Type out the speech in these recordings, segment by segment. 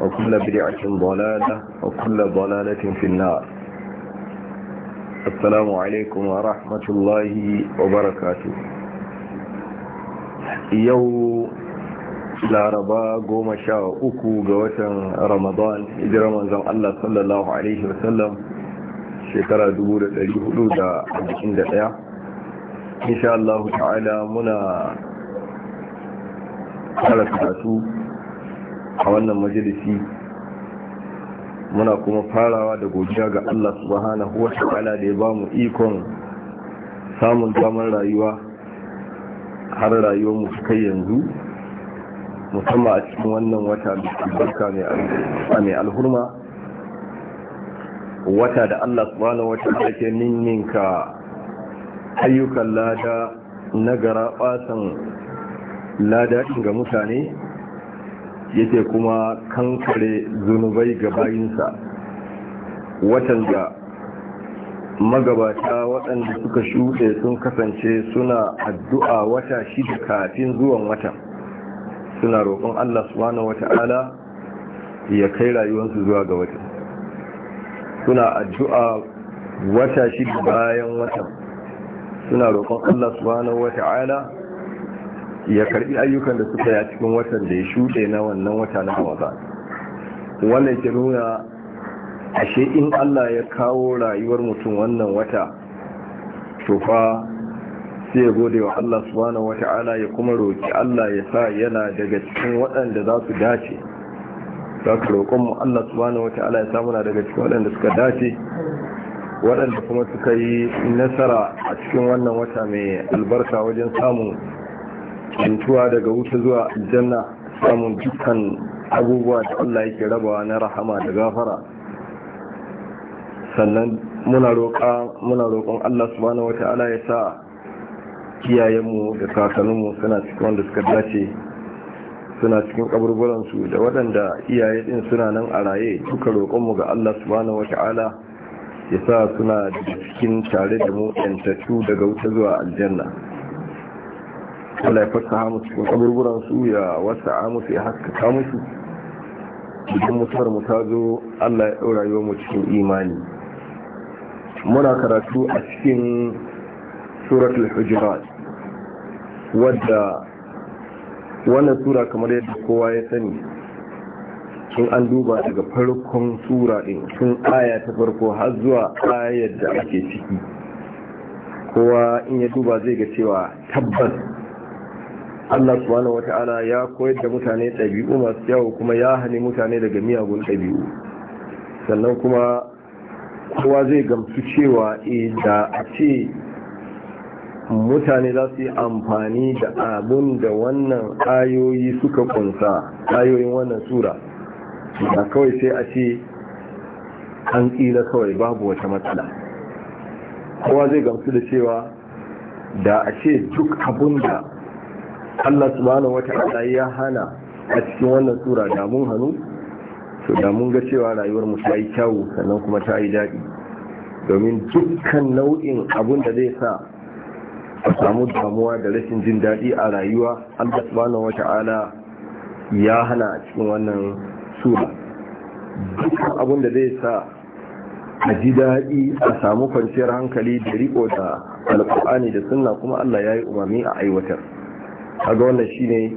وكل بدعة ضلالة وكل ضلالة في النار السلام عليكم ورحمة الله وبركاته يو laraba goma sha uku ga watan ramadan hijirar manzon Allah sallallahu alaihi wasallam shekara 1441 insha Allah ta'ala muna fara karatu a wannan majalisi muna kuma farawa da godiya ga Allah subhanahu wa ta'ala da ya bamu ikon samun damar rayuwa har rayuwar mu kai yanzu musamman a cikin wannan wata barka mai alhurma wata da Allah subhanahu wa ta'ala ke ninninka ayyukan lada nagara garaɓasan lada ga mutane yake kuma kankare zunubai ga bayinsa watan da magabata waɗanda suka shuɗe sun kasance suna addu'a wata shida kafin zuwan watan suna roƙon Allah subhanahu wata'ala ya kai rayuwarsu zuwa ga watan suna addu'a wata shida bayan watan suna roƙon Allah subhanahu wata'ala ya karbi ayyukan da suka ya cikin watan da ya shuɗe na wannan wata na ba wannan ke nuna ashe in allah ya kawo rayuwar mutum wannan wata to fa sai ya gode wa allah subhanahu wa ta'ala ya kuma roki allah ya sa yana daga cikin waɗanda za su dace za ka roƙon mu allah subhanahu wa ta'ala ya sa muna daga cikin waɗanda suka dace waɗanda kuma suka yi nasara a cikin wannan wata mai albarka wajen samun yantuwa daga wuta zuwa aljanna samun dukkan abubuwa da Allah yake rabawa na rahama da gafara sannan muna roƙon Allah subhanahu wata'ala ya sa kiyayenmu da mu suna cikin wanda suka dace suna cikin su da waɗanda iyaye din suna nan a raye duka roƙonmu ga Allah subhanahu wata'ala ya sa suna cikin tare da mu daga wuta zuwa aljanna Allah ya fasaha musu kuma kaburburan su ya wasa musu ya haskaka musu cikin mutuwar mu ta zo Allah ya ɗora wa mu cikin imani muna karatu a cikin suratul hujurat wadda wannan sura kamar yadda kowa ya sani Sun an duba daga farkon sura din Sun aya ta farko har zuwa ayar da ake ciki kowa in ya duba zai ga cewa tabbas Allah subhanahu wata'ala ya koyar da mutane ɗabi'u masu yawo kuma ya hane mutane daga miyagun ɗabi'u sannan kuma kowa zai gamsu cewa eh, da a ce mutane za su yi amfani da abun da wannan ayoyi suka kunsa ayoyin wannan sura da kawai sai a ce an tsira kawai babu wata matsala kowa zai gamsu da cewa da a ce duk abun da Allah subhanahu ya hana a cikin wannan tura da hannu to da mun ga cewa rayuwar mu ta yi kyawu sannan kuma ta yi daɗi domin dukkan nau'in abun da zai sa a samu damuwa da rashin jin daɗi a rayuwa Allah subhanahu ya hana a cikin wannan sura dukkan abun da zai sa a ji daɗi a samu kwanciyar hankali da riko da alƙur'ani da sunna kuma Allah ya yi umarni a aiwatar kaga wannan shine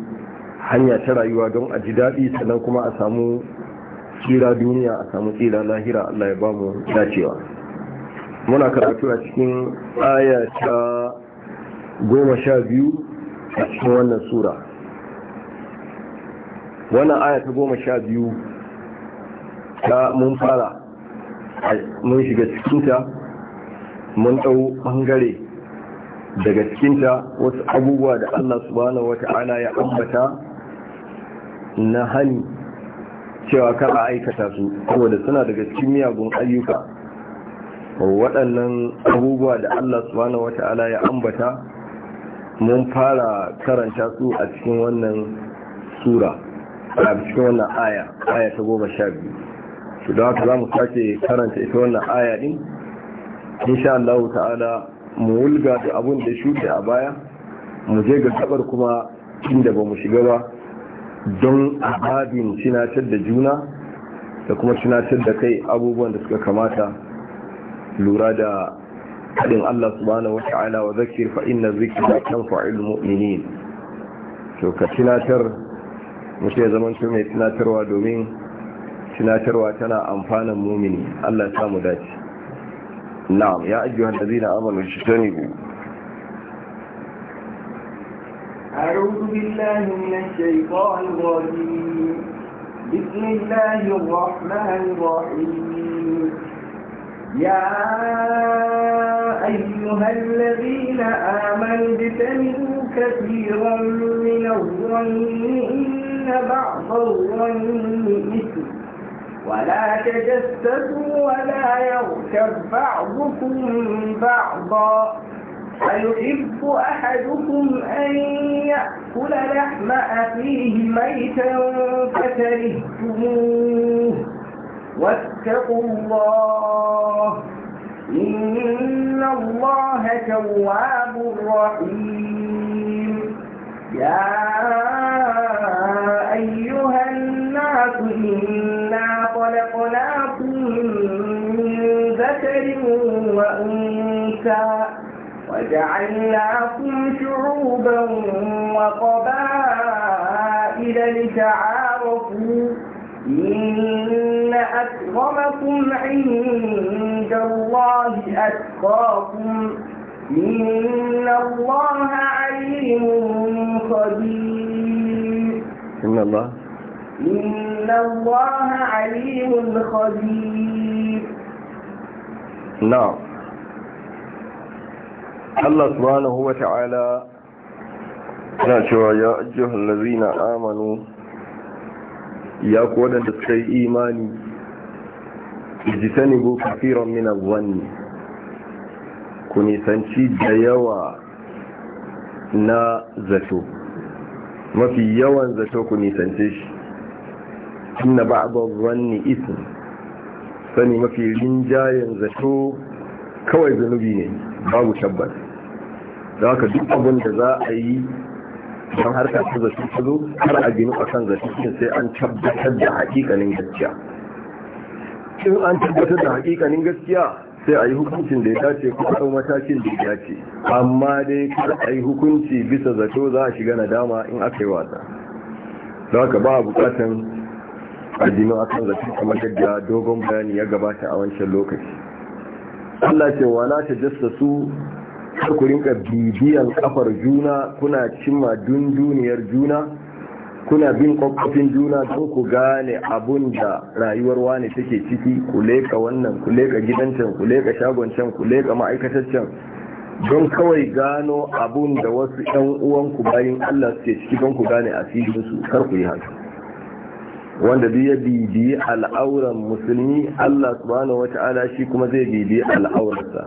hanya ta rayuwa don a ji daɗi sannan kuma a samu tsira duniya a samu tsira lahira Allah ya bamu dacewa muna karatu a cikin aya ta goma sha biyu a cikin wannan sura wannan aya ta goma sha biyu ta mun fara mun shiga cikinta mun ɗau ɓangare daga cikinta wasu abubuwa da Allah subhanahu wata'ala ya ambata na hani cewa kar a aikata su saboda suna daga cikin miyagun ayyuka waɗannan abubuwa da Allah subhanahu wata'ala ya ambata mun fara karanta su a cikin wannan sura a cikin wannan aya aya ta goma sha biyu su da haka za mu sake karanta ita wannan aya din insha Allah ta'ala mu wulga da abun da shuɗe a baya mu je ga gabar kuma inda ba mu shiga ba don ababin tunatar da juna da kuma tunatar da kai abubuwan da suka kamata lura da haɗin Allah subhanahu wata'ala wa zakir fa inna zikra tanfa'ul mu'minin to ka tunatar mutum zaman zama mai tunatarwa domin tunatarwa tana amfanin mumini Allah ya samu dace نعم يا أيها الذين آمنوا اجتنبوا أعوذ بالله من الشيطان الرجيم بسم الله الرحمن الرحيم يا أيها الذين آمنوا اجتنبوا كثيرا من الظن إن بعض الظن إثم ولا تجسسوا ولا يغتب بعضكم بعضا أيحب أحدكم أن يأكل لحم أخيه ميتا فكرهتموه واتقوا الله إن الله تواب رحيم يا أيها الناس إن إنا خلقناكم من ذكر وأنثى وجعلناكم شعوبا وقبائل لتعارفوا إن أكرمكم عند الله أتقاكم إن الله عليم خبير إن الله إن الله عليم خبير نعم الله سبحانه وتعالى cewa ya ajiyar lazina amanu ya kuwa da suka yi imani jitani bu kafiran mina wani ku nisanci da yawa na zato mafi yawan zato ku nisance shi inna ba'dar ranni ism sani mafi rinjayen zato kawai zanubi ne babu tabbas da haka duk abin da za a yi don harka ta zato ta zo har a gini a kan zato sai an tabbatar da hakikanin gaskiya in an tabbatar da hakikanin gaskiya sai a yi hukuncin da ya dace ko ɗau matakin da ya dace amma dai kar a yi hukunci bisa zato za a shiga nadama in aka yi wasa don haka ba a bukatan a kan zafi kamar yadda dogon bayani ya gabata a wancan lokaci Allah ce na ta su ku rinka bibiyan kafar juna kuna cimma dunduniyar juna kuna bin kwakwafin juna don ku gane abun da rayuwar wani take ciki ku leka wannan ku leka gidancan ku leka shagoncan ku leka ma'aikataccen don kawai gano abun da wasu 'yan uwanku bayan Allah suke ciki don ku gane asirinsu kar ku yi haka wanda duk ya bibiyi al'auran musulmi Allah subhanahu Ta'ala shi kuma zai bibiyi al'aurarsa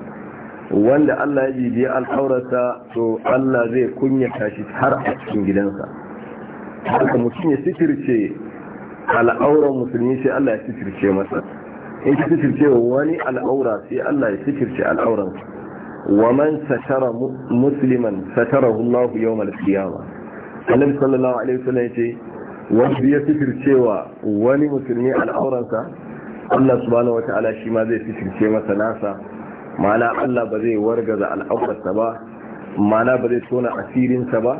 wanda Allah ya bibiyi al'aurarsa to Allah zai kunya shi har a cikin gidansa haka mutum ya sitirce al'auran musulmi sai Allah ya sitirce masa in ka sitirce wani al'aura sai Allah ya sitirce al'auran wa man satara musliman satarahu Allah yawmal qiyamah annabi sallallahu alaihi wasallam ce wanda ya cewa wani musulmi al'auransa Allah subhanahu Ta'ala, shi ma zai fitirce masa nasa ma'ana Allah ba zai wargaza al'aurarsa ba ma'ana ba zai tona asirinsa ba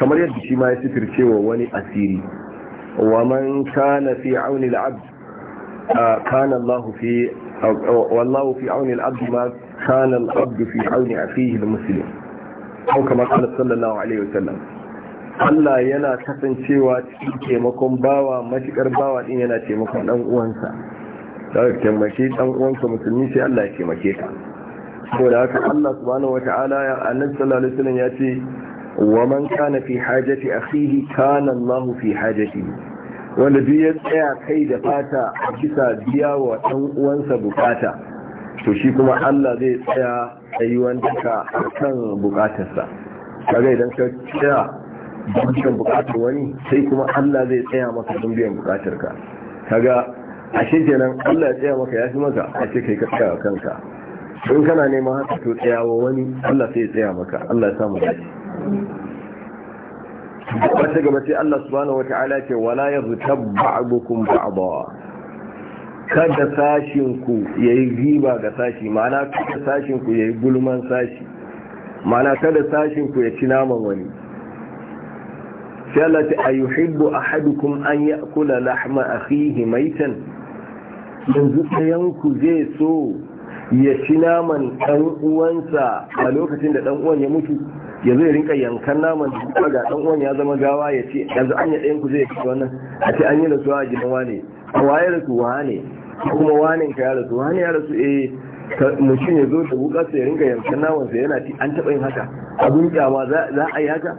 kamar yadda shi ma ya fitirce cewa wani asiri wa man kana fi auni al'abd kana Allah fi wallahu fi auni al'abd ma kana al'abd fi auni akhihi al-muslim ko kamar Allah sallallahu alaihi wasallam Allah yana kasancewa cikin taimakon bawa matukar bawa ɗin yana taimakon dan uwansa sai taimake dan uwanka musulmi sai Allah ya taimake ka saboda haka Allah subhanahu wataala ya annabi sallallahu alaihi wasallam ya ce wa man kana fi hajati akhihi kana Allah fi hajatihi wanda duk ya tsaya kai da fata a bisa biya wa dan uwansa bukata to shi kuma Allah zai tsaya tsayuwan duka akan bukatarsa kaga idan ka tsaya don bukatar wani sai kuma Allah zai tsaya maka don biyan bukatar ka kaga ashe kenan Allah ya tsaya maka ya fi maka a ce kai ka tsaya kanka in kana neman haka to tsayawa wani Allah sai ya tsaya maka Allah ya samu dace wata gaba sai Allah subhanahu wata'ala ce wala yartab ba'dukum ba'da kada sashin ku yayi riba ga sashi ma'ana kada sashin ku yayi gulman sashi ma'ana kada sashin ku ya ci naman wani sai Allah ta ayuhibbu ahadukum an ya'kula lahma fihi maitan yanzu ɗayanku zai so ya ci naman ɗan uwansa a lokacin da ɗan uwan ya mutu ya zai rinka yankan naman da ga ɗan uwan ya zama gawa ya ce yanzu an yi ɗayanku zai ci wannan a ce an yi rasuwa a gidan wane a waye rasuwa ne kuma wanen ka ya rasu wani ya rasu eh mutum ya zo da wukarsa ya rinka yankan naman sa yana ci an taɓa yin haka abun kyawa za a yi haka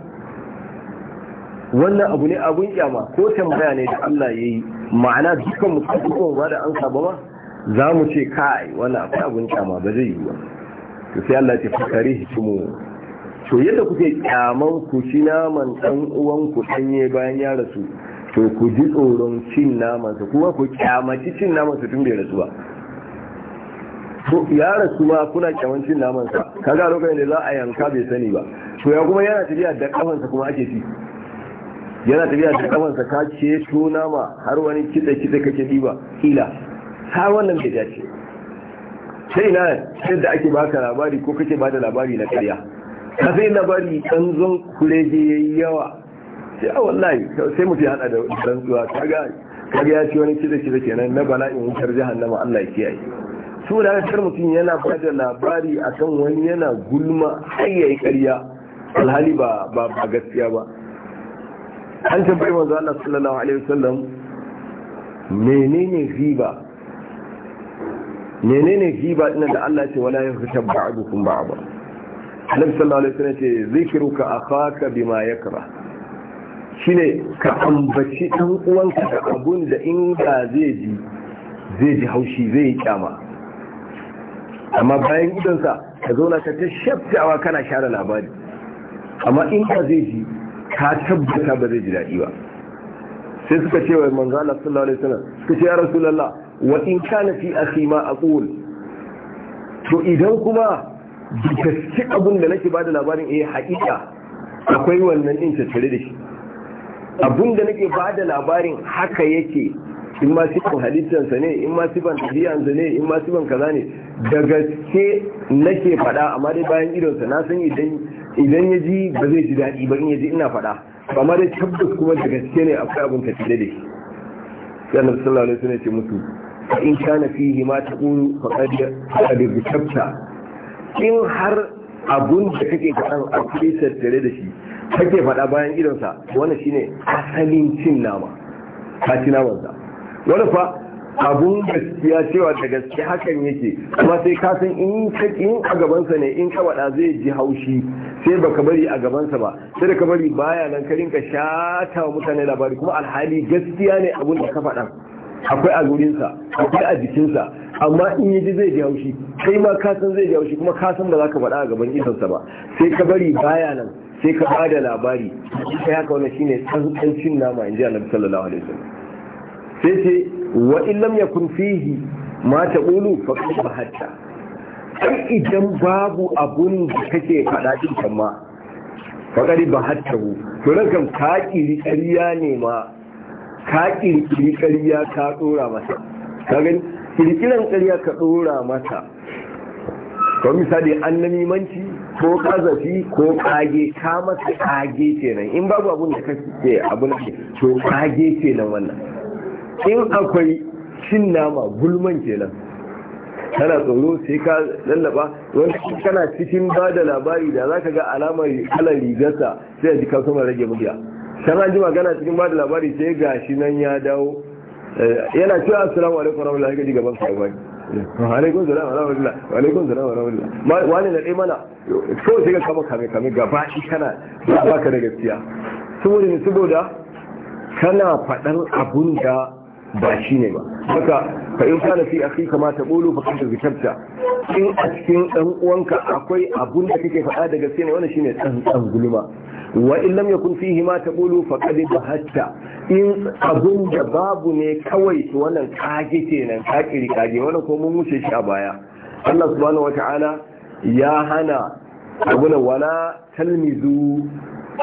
wannan abu ne abun kyama ko tambaya ne da Allah ya yi ma'ana dukkan mutum ba da an saba ba za mu ce kai wannan akwai abun kyama ba zai yi ba to sai Allah ce fakari hikimu to yadda kuke kyaman ku shi naman dan uwan ku danye bayan ya rasu to ku ji tsoron cin naman su kuma ku kyamaci cin naman su tun bai rasu ba to ya rasu ma kuna kyaman cin naman sa kaga lokacin da za a yanka bai sani ba to ya kuma yana tafiya da kafansa kuma ake ci yana tafiya da kafansa ka ce tuna ma har wani kitse kitse kake diba ila har wannan bai dace sai na yadda ake baka labari ko kake bada labari na karya ka sai labari zon kureje yayi yawa sai a ah, wallahi sai mu fi hada da rantsuwa kaga kaga ya ce wani kitse kitse kenan na bala'in wutar jahannama Allah ya kiyaye su da kar mutum yana bada labari akan wani yana gulma har yayi karya alhali ba ba gaskiya ba an tambayi manzo Allah sallallahu alaihi wasallam menene riba menene riba din da Allah ya ce wala yakhshab ba'dukum ba'd Allah sallallahu alaihi wasallam ce zikruka akhaka bima yakra shine ka ambaci dan uwanka da abun da in ba zai ji zai ji haushi zai kyama amma bayan sa ka zauna ka ta shaftawa kana share labari amma in ka zai ji ka tabbata ba zai ji daɗi ba sai suka ce wa manzo Allah sallallahu alaihi wasallam suka ce ya rasulullah wa in kana fi akhi ma aqul to idan kuma gaske abun da nake bada labarin eh haƙiƙa akwai wannan din tare da shi abun da nake bada labarin haka yake in ma sifan sa ne in ma sifan sa ne in ma ban kaza ne da gaske nake faɗa amma dai bayan idonsa na san idan idan ya ji ba zai ji daɗi ba in ya ji ina faɗa amma dai tabbas kuma da gaske ne akwai abin ka tile da shi sai annabi sallallahu alaihi wasallam ya ce musu fa in kana fihi ma taqulu faqad faqad in har abun da kake kan a cikin tare da shi kake faɗa bayan idonsa wannan shine asalin cin nama ka ci namansa wani fa abun gaskiya cewa da gaske hakan yake kuma sai ka san in ka a gabansa ne in ka wada zai ji haushi sai baka bari a gabansa ba sai da ka bari baya nan ka rinka shata wa mutane labari kuma alhali gaskiya ne abun da ka faɗa akwai a gurinsa akwai a jikinsa amma in yi ji zai ji haushi kai ma ka san zai ji haushi kuma ka san ba za ka faɗa a gaban sa ba sai ka bari baya nan sai ka ba da labari sai haka wannan shine tsantsancin nama in ji annabi sallallahu alaihi wasallam sai sai wa illam yakun fihi ma taqulu faqad hatta ai idan babu abun da kake faɗa din kan ma faqad bahattahu to rakan ka kiri kariya ne ma ka kiri kariya ka dora masa ka gani kiran kariya ka dora masa ko misali annami manci ko kazafi ko kage ka masa kage kenan in babu abun da kake abun to kage kenan wannan in akwai cin nama gulman kenan tana tsoro sai ka lallaba wani kana cikin ba da labari da za ka ga alamar kalar rigarsa sai a ji rage murya can an ji magana cikin ba da labari sai ga shi nan ya dawo eh, yana cewa assalamu alaikum warahmatullahi gaji gaban ka yawa eh, alaikum salam warahmatullah alaikum salam wani na dai mana kawai sai ka kama kame kame gaba shi kana ba ka da gaskiya saboda saboda kana faɗan abun da ba shi ne ba haka ka in kana fi a kama ta bolo ba kanta zikarta in a cikin ɗan uwanka akwai abun da kake faɗa da gaske ne shi shine ɗan ɗan gulma wa in lam yakun fihi ma ta fa qad bahatta in abun da babu ne kawai to wannan kage kenan ka kiri kage wannan ko mun wuce shi a baya Allah subhanahu wata'ala ya hana abuna wala talmizu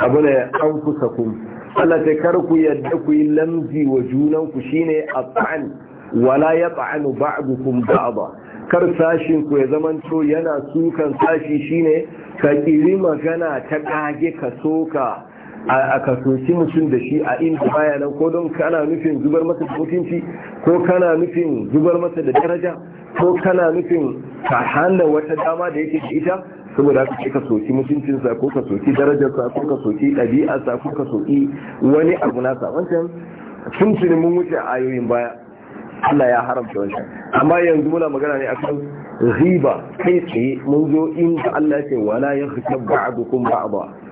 abuna anfusakum Allah kar ku yadda ku yi lamzi wa junanku shine a at'an wala ya yat'anu ba'dukum ba'da kar sashinku ku ya zamanto yana sukan sashi shine ka kiri magana ta kage ka soka a kasoci mutum da shi a inda baya nan ko don kana nufin zubar masa da mutunci ko kana nufin zubar masa da daraja ko kana nufin ka hana wata dama da yake da ita saboda haka ce ka soki mutuncinsa ko ka soki darajarsa ko ka soki ɗabi'arsa ko ka soki wani abu nasa wancan sun tuni mun wuce a ayoyin baya Allah ya haramta wancan amma yanzu muna magana ne akan riba kai tsaye mun zo inda Allah ya ce wala yakhtab ba'dukum ba'da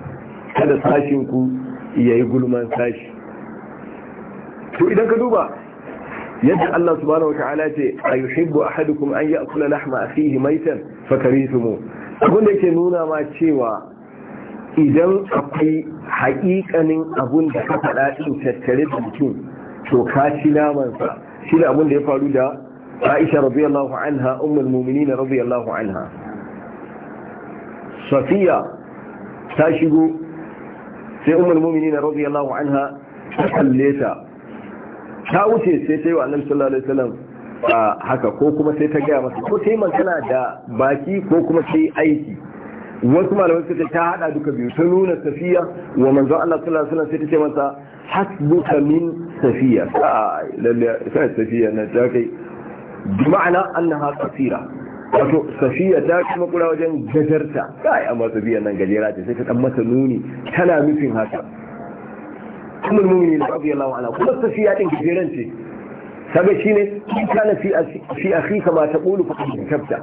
kada sashinku ya yi gulman sashi to idan ka duba yadda Allah subhanahu wa ta'ala ce a yuhibbu ahadukum an ya'kula lahma fakari su mu abin da yake nuna ma cewa idan akwai haƙiƙanin abun da ka faɗa ɗin tattare da mutum to ka ci namansa shi da abin da ya faru da Aisha radiyallahu anha ummul mu'minin radiyallahu anha Safiya ta shigo sai umar mumini na rabi Allah anha ta kalle ta ta wuce sai ta yi wa annabi sallallahu alaihi wasallam haka ko kuma sai ta gaya masa ko ta magana da baki ko kuma sai aiki wasu malamai suka ta hada duka biyu ta nuna safiya wa manzon Allah sallallahu alaihi wasallam sai ta ce masa hasbuka min safiya sai safiya na ta kai ma'ana annaha qasira wato safiya ta kuma kura wajen gajarta yi amma safiya nan gajera ce sai ta dan masa nuni tana nufin haka kuma mumini da abu yallahu ala kuma safiya din gajeran ce sabe shine in kana fi fi ta ma taqulu fa tabta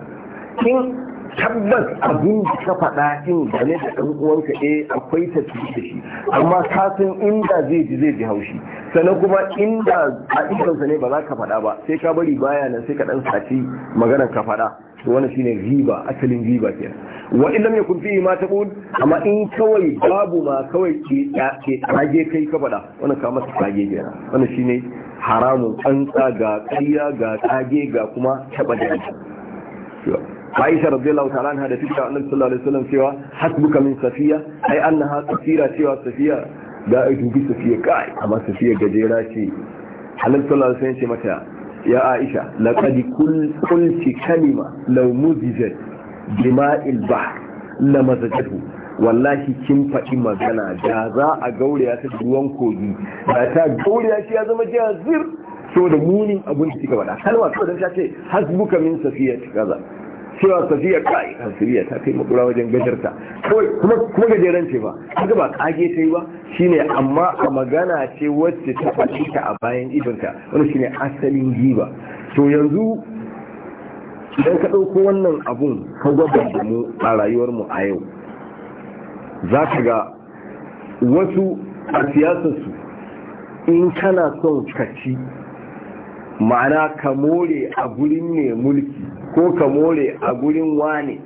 in tabbas abin da ka faɗa in game da ɗan uwanka eh akwai tafiye da shi amma ka san inda zai ji zai ji haushi sannan kuma inda a ikonsa ne ba za ka faɗa ba sai ka bari baya nan sai ka ɗan sati maganar ka faɗa to wannan shine riba asalin riba ke wa in lam yakun fihi ma taqul amma in kawai babu ma kawai ke ke tsage kai ka faɗa wannan ka masa tsage ke wannan shine haramun tsantsa ga kariya ga tsage ga kuma taɓa da Aisha radiyallahu ta'ala anha da fitta annabi sallallahu alaihi wasallam cewa hasbuka min safiya ai annaha safira cewa safiya da ai dubi safiya kai amma safiya gajera ce annabi sallallahu alaihi wasallam ce mata ya aisha laqad kunti kalima law jima'il ba la mazajatu wallahi kin faɗi magana da za a gauraya ta ruwan kogi da ta gauraya shi ya zama jazir so da munin abin da ka bada kalma to da ta ce hasbuka min ta kaza cewa safiya kai safiya ta kai makura wajen gajarta kuma kuma gajeren ce ba kaga ba kage ta yi ba shine amma a magana ce wacce ta faɗi ta a bayan idonta wani shine asalin giba to yanzu idan ka ɗauko wannan abun ka gwada da mu a rayuwar mu a yau za ka ga wasu a su in kana son kaci ma'ana ka more a gurin mai mulki ko ka more a gurin wane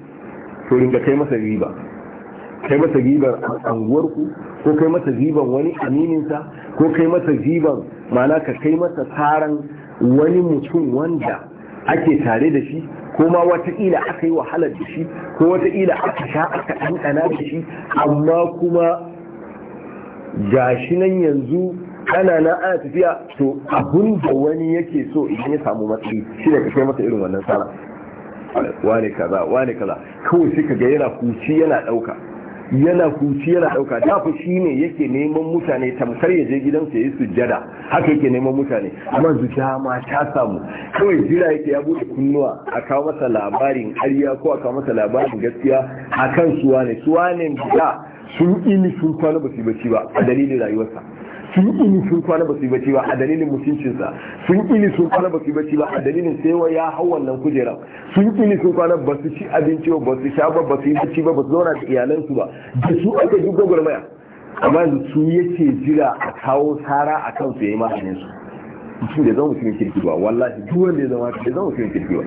to ringa kai masa riba kai masa ribar anguwarku ko kai masa riban wani amininsa ko kai masa riban mana ka kai masa taran wani mutum wanda ake tare da shi ko ma wataƙila aka yi wahalar da shi ko wataƙila aka sha aka ɗanɗana da shi amma kuma gashi nan yanzu ana na ana tafiya to abun da wani yake so idan ya samu matsayi shi ne ka kai masa irin wannan tsara. wane kaza wane kaza kawai sai ga yana kuci yana dauka yana kuci yana dauka da fa shine yake neman mutane tamkar ya je gidansa yi sujjada haka yake neman mutane amma zuciya ma ta samu kawai jira yake ya bude kunnuwa a kawo masa labarin ƙarya ko a kawo masa labarin gaskiya akan suwane suwane da sun ini sun kwana ba su bacci ba a dalilin rayuwarsa sun ini sun kwana ba su yi bacci ba a dalilin mutuncinsa sun ini sun kwana ba su yi bacci ba a dalilin saiwa ya hau wannan kujera. sun ini sun kwana ba su ci abinci ba ba su sha ba ba su yi bacci ba ba su zauna da iyalansu ba da su aka gogor maya amma su yake jira a kawo tsara a kan su ya yi su mutum da zama mutumin kirki ba wallahi duk wanda ya zama da zama mutumin kirki ba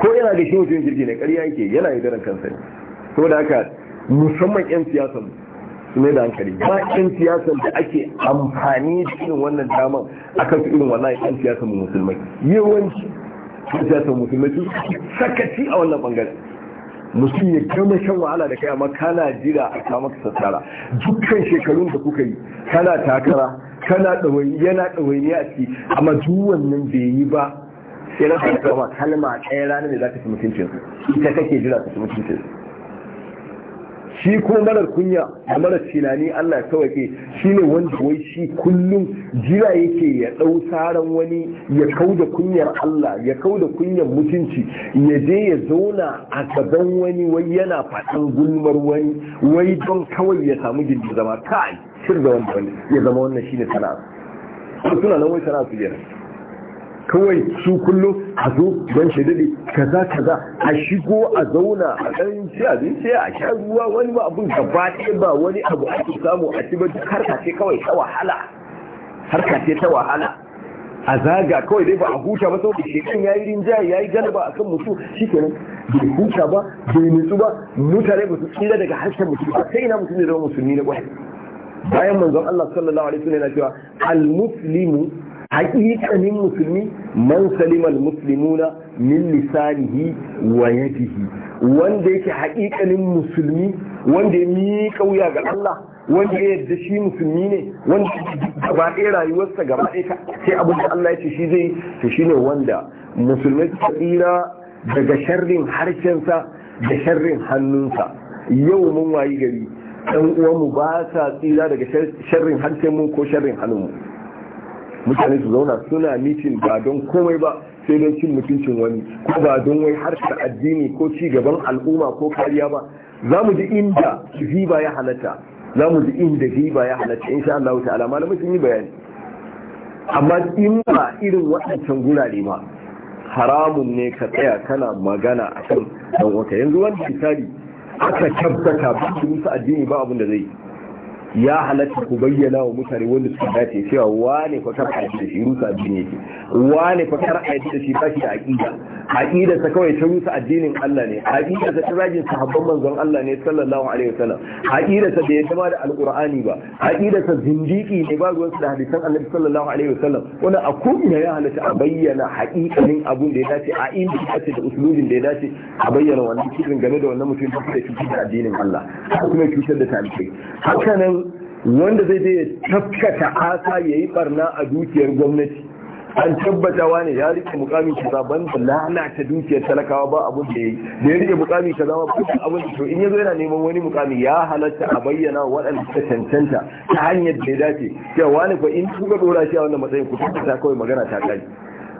ko yana da shi mutumin kirki ne ƙarya yake yana daren kansa ne saboda haka musamman 'yan siyasa su da hankali ba yan siyasar da ake amfani da irin wannan damar a kan su irin wannan yan siyasar musulmai yawanci yan siyasar musulmai su sakaci a wannan bangare musu ya gama shan wahala da kai amma kana jira a kama ka sassara dukkan shekarun da kuka yi kana takara kana ɗawai yana ne a ciki amma duk wannan bai yi ba sai na kama kalma ɗaya ranar da za ka ci mutuncinsu ita kake jira ka ci mutuncinsu shi kuma marar kunya da marar tunani Allah kawai ke shi ne wanda wai shi kullum jira yake ya ɗau saran wani ya kau da kunyar Allah ya kau da kunyar mutunci ya je ya zauna a gaban wani wai yana faɗin gulmar wani wai don kawai ya samu gindi zama kai shirga wanda wani ya zama wannan sana'a suna nan wai sana'a su jira kawai su kullum a zo don shi kaza kaza a shigo a zauna a ɗan ci abinci a sha ruwa wani ba abin gaba ɗaya ba wani abu ake samu a ci bai duk harka ce kawai ta wahala harka ce ta wahala a zaga kawai dai ba a huta ba saboda shekun ya yi rinjaya ya yi ba a kan mutu shi kenan bai huta ba bai nutsu ba mutane ba su tsira daga harshen mutum ba sai ina mutum ne zama musulmi na kwai bayan manzon Allah sallallahu alaihi wasallam yana cewa al-muslimu haƙiƙanin musulmi man salimal muslimuna min lisanihi wa yadihi wanda yake haƙiƙanin musulmi wanda ya miƙa wuya ga Allah wanda ya yarda shi musulmi ne wanda gaba ɗaya rayuwarsa gaba ɗaya sai abin da Allah ya ce shi zai to shine wanda musulmai suka tsira daga sharrin harshensa da sharrin hannunsa yau mun wayi gari ɗan uwanmu ba sa tsira daga sharrin harshen mu ko sharrin hannunmu mutane su zauna suna mitin ba don komai ba sai don cin mutuncin wani ko ba don wai harkar addini ko ci gaban al'umma ko kariya ba za mu ji inda riba ya halatta za mu ji inda riba ya halatta sha Allah ta'ala malamai sun yi bayani amma in ba irin waɗancan gurare ba haramun ne ka tsaya kana magana a kan dan wata yanzu wani misali aka tabbata ba su musu addini ba abin da zai ya halatta ku bayyana wa mutane wanda suka dace cewa wane fa kar aiki da shi rusa addini ne wane fa kar aiki da shi ba shi da aqida aqida sa kawai ta rusa addinin Allah ne aqida sa ta rajin sahabban manzon Allah ne sallallahu alaihi wasallam aqida sa da ya zama da alqur'ani ba aqida sa zindiki ne ba ruwan da hadisan Annabi sallallahu alaihi wasallam wannan a kuma ya halatta a bayyana haƙiƙanin abun da ya dace a inda ya dace da usulubin da ya dace a bayyana wannan kirin game da wannan mutum da ke cutar da addinin Allah kuma cutar da talibai hakanan wanda zai je tafkata asa ya yi barna a dukiyar gwamnati an tabbatawa ne ya rike mukami kaza ban da lalata dukiyar talakawa ba abin da ya yi da ya rike mukami kaza ba kusa abin to in yazo yana neman wani mukami ya halatta a bayyana waɗanda suka cancanta ta hanyar da ya dace cewa wani fa in kuka dora shi a wannan matsayin ku tabbata kawai magana ta kai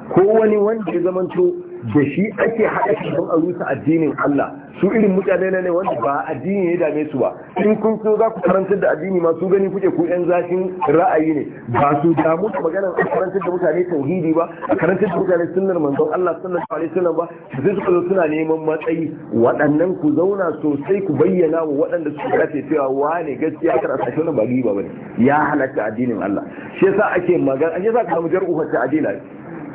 ko wani wanda ya zamanto da shi ake haɗa shi don a rusa addinin Allah su irin mutane ne wanda ba addini ya dame su ba in kun so za ku karantar da addini ma su gani kuke ku yan zafin ra'ayi ne ba su damu da maganar a karantar da mutane tauhidi ba a karantar da mutane sunnar manzon Allah sallallahu alaihi wasallam ba sai su zo suna neman matsayi waɗannan ku zauna sosai ku bayyana wa waɗanda suka kace cewa wane gaskiya kar a sashi wannan ba riba bane ya halatta addinin Allah shi yasa ake magana shi yasa kamu jar'u fa ta'dila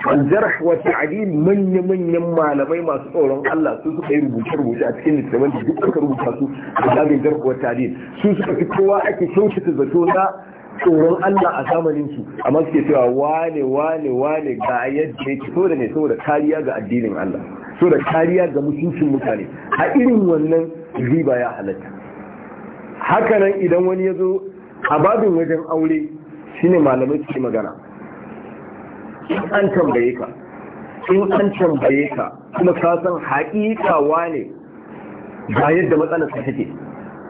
aljarh wa ta'dil manya malamai masu tsoron Allah su suka yi rubuce rubuce a cikin littafin da duk suka rubuta su a babin jarh wa ta'dil su suka fi kowa ake kyautata zato na tsoron Allah a zamanin su amma suke cewa wane wane wane ga yadda yake so da ne saboda kariya ga addinin Allah so da kariya ga mutuncin mutane a irin wannan riba ya halatta hakanan idan wani ya zo a babin wajen aure shine malamai suke magana in an tambaye ka in an tambaye ka kuma ka san haƙiƙa wane ga yadda matsalar ka take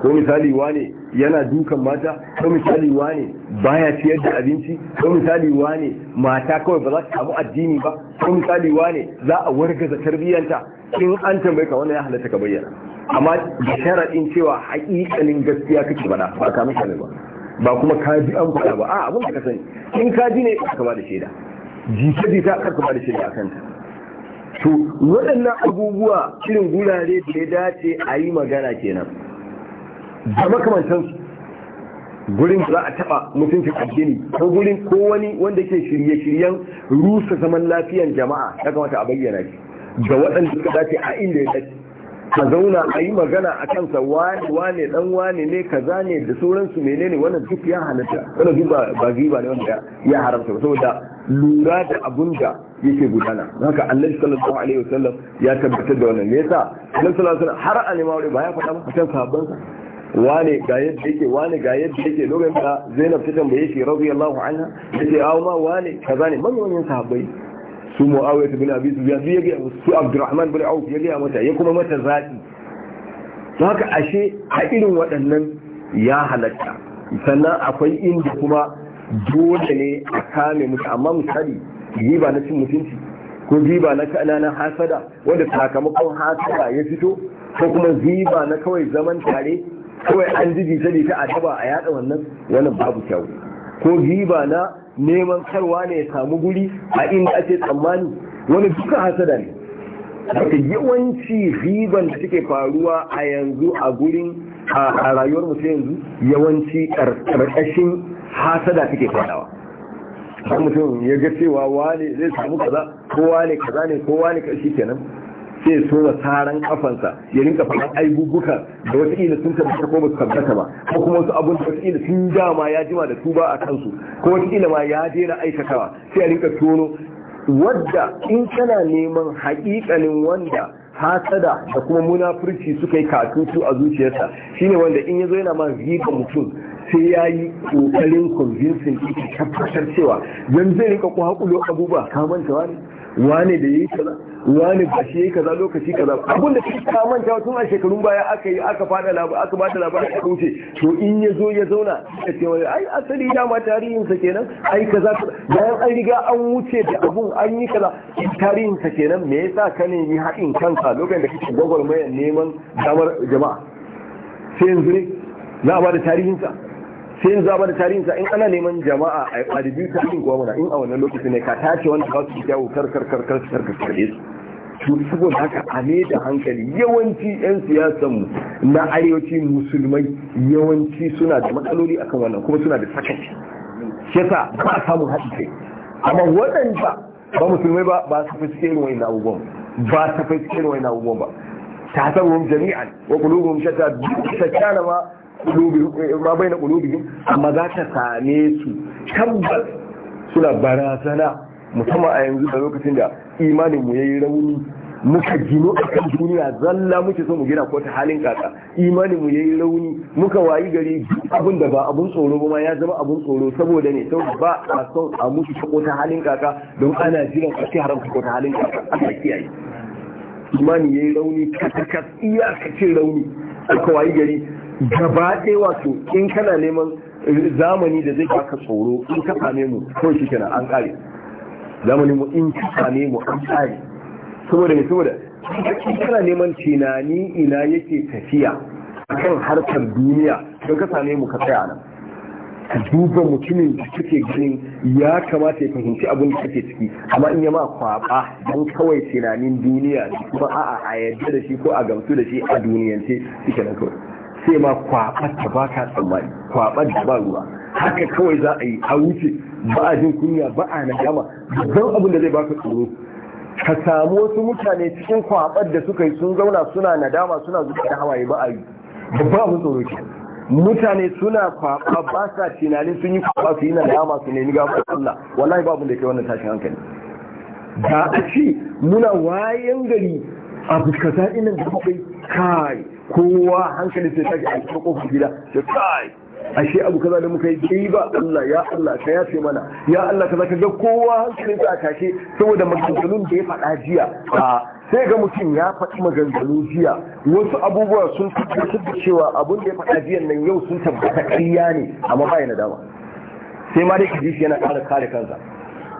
ko misali wane yana dukan mata ko misali wane baya ciyar da abinci ko misali wane mata kawai ba za ta samu addini ba ko misali wane za a wargaza tarbiyyanta in an tambaye ka wannan ya halatta ka bayyana amma da sharaɗin cewa haƙiƙanin gaskiya kake faɗa ba ka ba ba kuma ka ji an faɗa ba a abin da ka sani in ka ji ne ka ba da shaida jita-jita kar kuma da shi a kanta to waɗannan abubuwa irin gurare da ya dace a yi magana kenan ga makamantansu gurin za a taba mutuncin addini ko gurin ko wani wanda ke shirye-shiryen rusa zaman lafiyan jama'a ya kamata a bayyana shi ga waɗanda suka dace a inda ya dace ka zauna a yi magana a kansa wani wane dan wane ne kaza ne da sauransu menene wannan duk ya halatta wannan duk ba giba ne wanda ya haramta ba saboda lura da abun da yake gudana haka annabi sallallahu alaihi wasallam ya tabbatar da wannan me yasa annabi sallallahu alaihi wasallam har alimawa ba ya faɗa ba kan sahabban sa wane ga yadda yake wane ga yadda yake lokacin da Zainab ta tambaye shi radiyallahu anha yace awo ma wane kaza ne manyan sahabbai su mu'awiyah bin abi yanzu ya ga su abdurrahman bin auf ya gaya mata ya kuma mata zaki to haka ashe a irin waɗannan ya halatta sannan akwai inda kuma dole ne a kame mutu amma misali riba na cin mutunci ko riba na kananan hasada wanda sakamakon hasada ya fito ko kuma riba na kawai zaman tare kawai an jiji ta ta a a yada wannan wannan babu kyau ko riba na neman karwa ne ya samu guri a inda ake tsammani wani duka hasada ne daga yawanci riban da take faruwa a yanzu a gurin a rayuwar mutum yanzu yawanci karkashin hasada suke faruwa har mutum ya ga cewa wane zai samu kaza ko wane kaza ne ko wane kashi kenan sai ya tura saran kafansa ya rinka faɗan aibubukan da wata ila sun tabbata ko ba su tabbata ba ko kuma wasu abun da wata ila sun dama ya jima da tuba a kansu ko wata ila ma ya daina aikatawa sai ya rinka tono wadda in kana neman haƙiƙanin wanda hasada da kuma munafurci suka yi katutu a zuciyarsa shine wanda in yazo yana ma zika mutum sai ya yi ƙoƙarin convincing ita tabbatar cewa yanzu rika ku haƙulo abubuwa ka manta wani wane da yayi kaza wane ba shi yayi kaza lokaci kaza Abun da kike ka manta tun a shekarun baya aka yi aka fada labu aka bada labar aka wuce to in ya zo ya zauna ya ce wai ai asali dama tarihin sa kenan ai kaza bayan an riga an wuce da abun an yi kaza tarihin sa kenan me yasa ka ne yi haɗin kanka lokacin da kike gwagwarmaya neman damar jama'a sai yanzu ne za a bada tarihin sa sai in zaba da tarihin in ana neman jama'a a rubuta tarihin kuwa muna in a wannan lokacin ne ka tace wanda ba su jawo kar kar kar kar kar kar kar to saboda haka a ne da hankali yawanci yan siyasan na arewaci musulmai yawanci suna da matsaloli akan wannan kuma suna da sakanci shi yasa ba a samun haɗi kai amma waɗanda ba musulmai ba ba su fi irin wani abubuwan ba su fi irin wani abubuwan ba ta san jami'an wa kulubum shatta duk ta ma ma bai na ƙulubihim amma za ta same su tabbas suna barazana musamman a yanzu da lokacin da imanin mu yi rauni muka gino a kan duniya zalla muke so mu gina ko ta halin kaka imanin mu yi rauni muka wayi gari abin da ba abun tsoro ba ma ya zama abun tsoro saboda ne sau ba a son a mutu ko ta halin kaka don ana jiran a ce haramta ko ta halin kaka aka kiyaye imani yi rauni katakas kacin rauni aka wayi gari gaba ɗaya wato in kana neman zamani da zai baka tsoro in ka same mu ko shi kenan an ƙare Zamani mu in ka same mu an ƙare saboda mai saboda in kana neman tunani ina yake tafiya akan harkar duniya don ka same mu ka tsaya nan duba mutumin da kake ganin ya kamata ya fahimci abin da kake ciki amma in yama kwaba don kawai tunanin duniya kuma a'a a yadda da shi ko a gamsu da shi a duniyance shi kenan kawai sai ma kwaɓar ta ba ka tsammani kwaɓar da ba ruwa haka kawai za a yi a wuce ba a jin kunya ba a nadama don abin da zai baka tsoro ka samu wasu mutane cikin kwaɓar da suka yi sun zauna suna nadama suna zuba da hawaye ba a yi ba mu tsoro ke mutane suna kwaɓa ba sa tunanin sun yi kwaɓa su yi na dama su nemi gafar Allah wallahi babu da ke wannan tashin hankali da a ce muna wayan gari a fuskata inan da kai kai kowa hankali sai take a cikin kofar gida da kai ashe abu kaza da muka yi dai ba Allah ya Allah ka yafe mana ya Allah kaza ka ga kowa hankalin sa a tashe saboda maganganun da ya faɗa jiya sai ga mutum ya faɗi maganganu jiya wasu abubuwa sun tabbatar da cewa abun da ya faɗa jiya nan yau sun tabbata ƙarya ne amma ba ya nadama sai ma dai ka shi yana ƙara kare kansa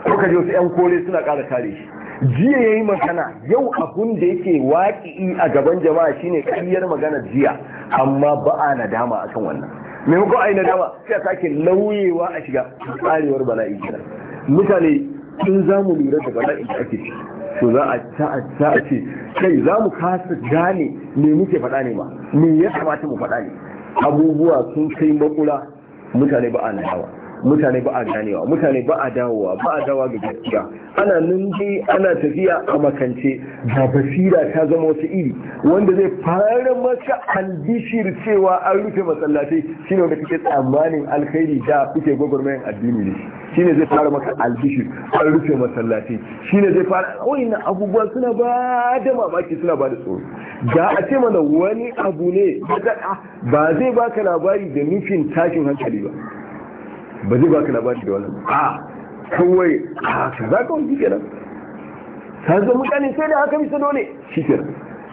suka ji wasu 'yan kore suna ƙara kare shi jiya ya yi magana yau abun da yake waƙi a gaban jama'a shine ƙaryar magana jiya amma ba a nadama akan wannan maimakon a yi nadama sai a sake lauyewa a shiga tsarewar bala'i kenan mutane in za mu lura da bala'i da ake to za a ta a a ce kai za mu kasa gane me muke faɗa ne ma me ya kamata mu faɗa ne abubuwa sun kai makula mutane ba a nadama mutane ba a ganewa mutane ba a dawowa ba a dawa ga gaskiya ana nunje ana tafiya a makance ga basira ta zama wasu iri wanda zai fara maka albishir cewa an rufe masallatai shine wanda kake tsammanin alkhairi da kuke gwagwarmayan addini ne shine zai fara maka albishir an rufe masallatai shine zai fara na abubuwa suna ba da mamaki suna ba da tsoro ga a ce mana wani abu ne ah, ba zai baka labari da nufin tashin hankali ba ba zai ba ka labari da wannan a kawai a ka za ka wani kenan ta zai mutane sai da haka bisa dole shi ke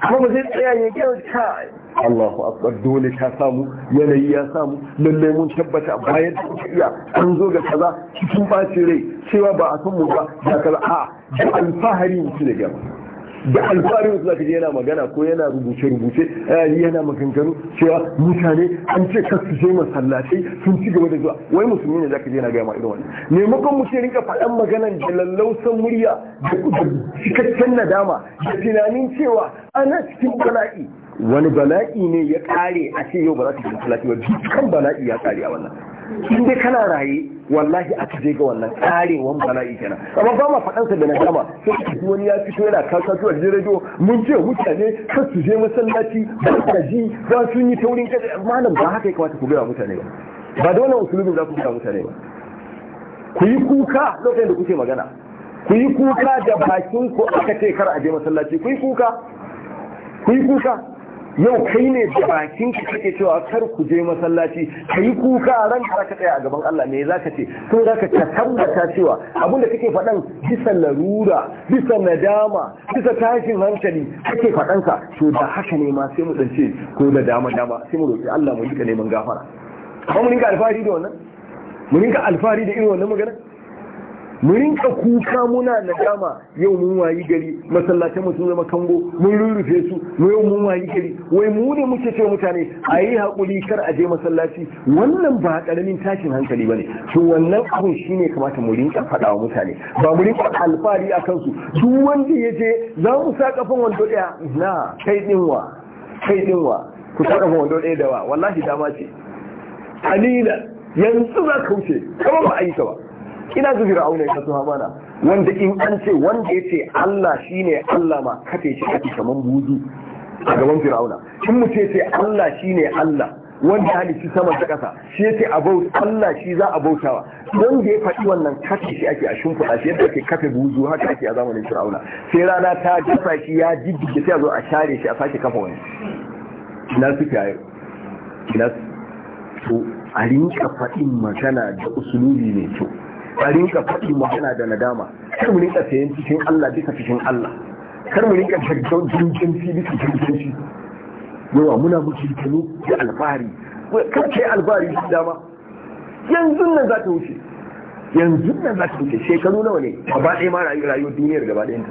kuma ba zai tsaya ya kyau ta Allahu akbar dole ta samu yanayi ya samu lallai mun tabbata bayan da kuka iya an zo ga kaza cikin bacin rai cewa ba a san mu ba da kaza a da alfahari mutum da gyara da alfarin su zaka yana magana ko yana rubuce rubuce eh, yana maganganu cewa mutane an ce kar su je masallatai sun ci gaba da zuwa wai musulmi ne zaka je yana gaya ma irin maimakon mu ce rinka faɗan maganan da lallausan murya da cikakken nadama da tunanin cewa ana cikin bala'i wani bala'i ne ya kare a ce yau ba za ta masallaci ba dukkan bala'i ya kare a wannan in dai kana raye wallahi aka je ga wannan karewan bala'i kenan amma ba ma faɗan sa da gama sai ka ji wani ya fito yana kasa a da radio mun ce mutane kar su je masallaci ba ka ji ba sun yi taurin kai malam ba haka ya kamata ku gaya mutane ba ba da wannan usulubin za ku gaya mutane ba ku yi kuka lokacin da kuke magana ku yi kuka da bakin ku aka ce kar a je masallaci ku yi kuka ku yi kuka yau kai ne da bakin ka kake cewa kar ku je masallaci kai kuka ran ka zaka tsaya a gaban Allah me zaka ce to zaka ka tabbata cewa abinda kake faɗan bisa larura bisa nadama bisa tashin hankali kake fadan ka to da haka ne ma sai mu dace ko da dama dama sai mu roki Allah mu ka neman gafara kuma mu rinka alfahari da wannan mu rinka alfahari da irin wannan magana mu rinka kuka muna nadama yau mun wayi gari masallacin mu sun zama kango mun rurrufe su mu yau mun wayi gari wai mu ne muke ce mutane ayi hakuri kar a je masallaci wannan ba ƙaramin tashin hankali ba ne to wannan abun shi ne kamata mu rinka faɗa wa mutane ba mu rinka alfahari a kansu duk wanda ya je za mu sa kafan wando ɗaya na kai ɗinwa kai dinwa ku sa kafan wando ɗaya da wa wallahi dama ce kalila yanzu za ka wuce kama ba a yi ta ba ina ga fir'auna ya kasu hamana wanda in an ce wanda ya ce Allah shi ne Allah ma kafe shi kafe kaman buzu a gaban fir'auna in mu ce ce Allah shi ne Allah wanda halicci sama ta ƙasa shi ya ce Allah shi za a bautawa wanda ya faɗi wannan kafe shi ake a shimfiɗa shi yadda ake kafe buzu haka ake a zamanin fir'auna sai rana ta dafa shi ya jijjiga sai a zo a share shi a sake kafa wani ina su fiye ina su a rinka faɗin magana da usulubi mai kyau a rinka faɗi yana da nadama kar mu rinka sayan cikin Allah bisa cikin Allah kar mu rinka jirgin fi bisa fi yawa muna muke tunu da alfahari kar kai alfahari da dama yanzu nan za ta wuce yanzu nan za ta wuce shekaru nawa ne gaba ɗaya ma rayuwar duniyar gaba ɗayan